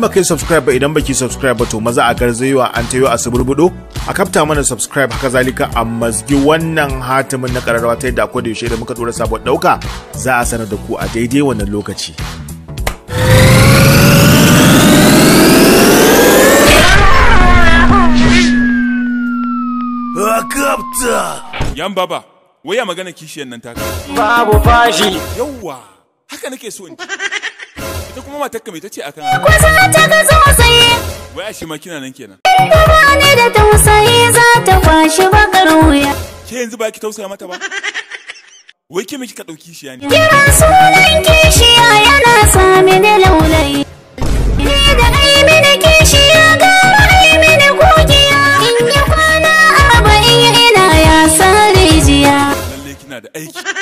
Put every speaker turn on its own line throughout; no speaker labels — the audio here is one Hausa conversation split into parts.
ba baka yi subscribe ba idan baki subscribe ba to maza a garzayewa an tayo a suburbudo a kafta mana subscribe haka zalika a mazgi wannan hatimin na kararrawa ta yadda akwai da yaushe da muka dora sabo dauka za a sanar da ku a daidai wannan lokaci
kafta! Yan baba, waya magana kishiyan nan taka. Babu fashi. Yawwa, haka nake so in kuma matar ka me tace akan haka ko za ta ga sai wai a shi ma kina nan kenan ba ne da tausayi za ta kwashi bakar wuya ke yanzu ba ki tausaya mata ba wai ke me kika dauki shi yani kira sunan kishiya yana sami da laulayi ni
da ai mini kishiya ga ai mini kokiya in yi kwana arba'in ina ya san lalle
kina da aiki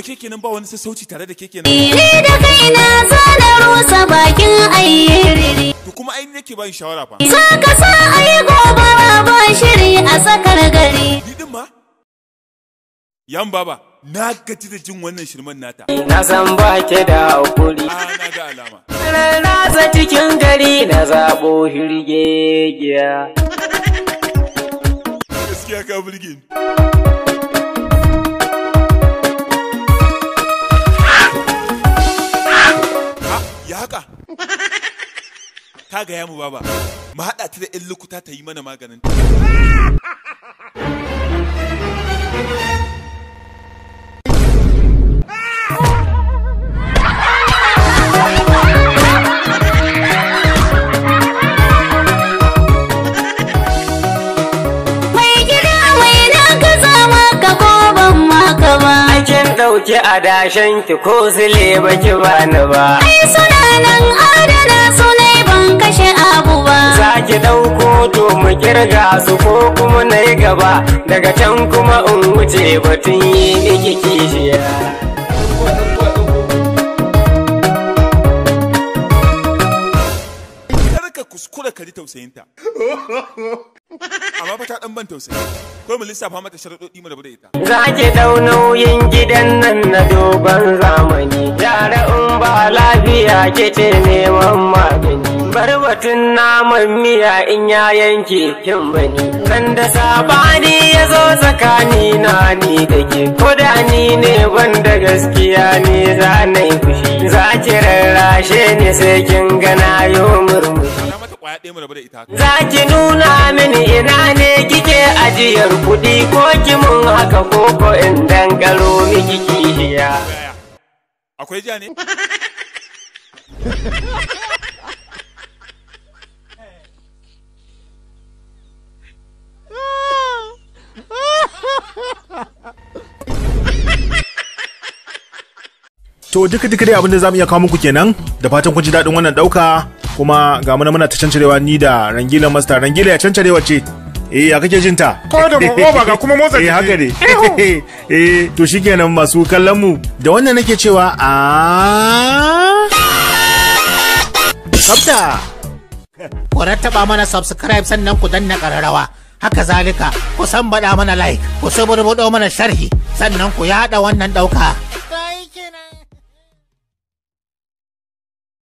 wai ke kenan ba wani sassauci tare da ke kenan ni da kaina za na bakin ayyiri to kuma ai nake ba shawara fa ka sa ayi gobara ba shiri a sakar gari ni ma yan baba na gaji da jin wannan shirman nata na san ba
ke da hakuri a ah, na ga alama
rarraza
cikin gari na zabo hirgegiya gaskiya ka burge ni
gaya mu baba mu haɗa ta da ƴan lokuta ta yi mana maganin
ɗauki a dashen ki ko zile baki bani ba. Ai suna nan daga su ko kuma na yi gaba daga can kuma in wuce batun yi miki kishiya
ka kuskura ka tausayinta amma fata dan ban tausayi ko mu lissafa mata sharaɗoɗi mu da bude ita za ke dau nauyin gidan nan
na dogon zamani yara in ba lafiya ke ce neman magani bar naman miya in ya yanke kin bani kan da sabani ya zo tsakani na ni da ke ko da ni ne ban da gaskiya ne za na yi fushi za ki rarrashe ne sai kin gana yo murmushi za ki nuna mini ina ne kike ajiyar kuɗi ko ki mun haka ko ko dangalo, dangaro miki kishiya
akwai ja ne
To duka duka dai abinda zamu iya kawo muku kenan da fatan kun ji daɗin wannan ɗauka kuma ga muna muna ta cancarewa ni da Rangila Master Rangila ya cancarewa ce eh ya kake jin ta ko da ba ga kuma motsa eh haka ne eh to shikenan masu kallon mu da wannan nake cewa a Kapta ku rattaba mana subscribe sannan ku danna kararrawa haka zalika ku san bada mana like ku saburbudo mana sharhi sannan ku yada wannan ɗauka.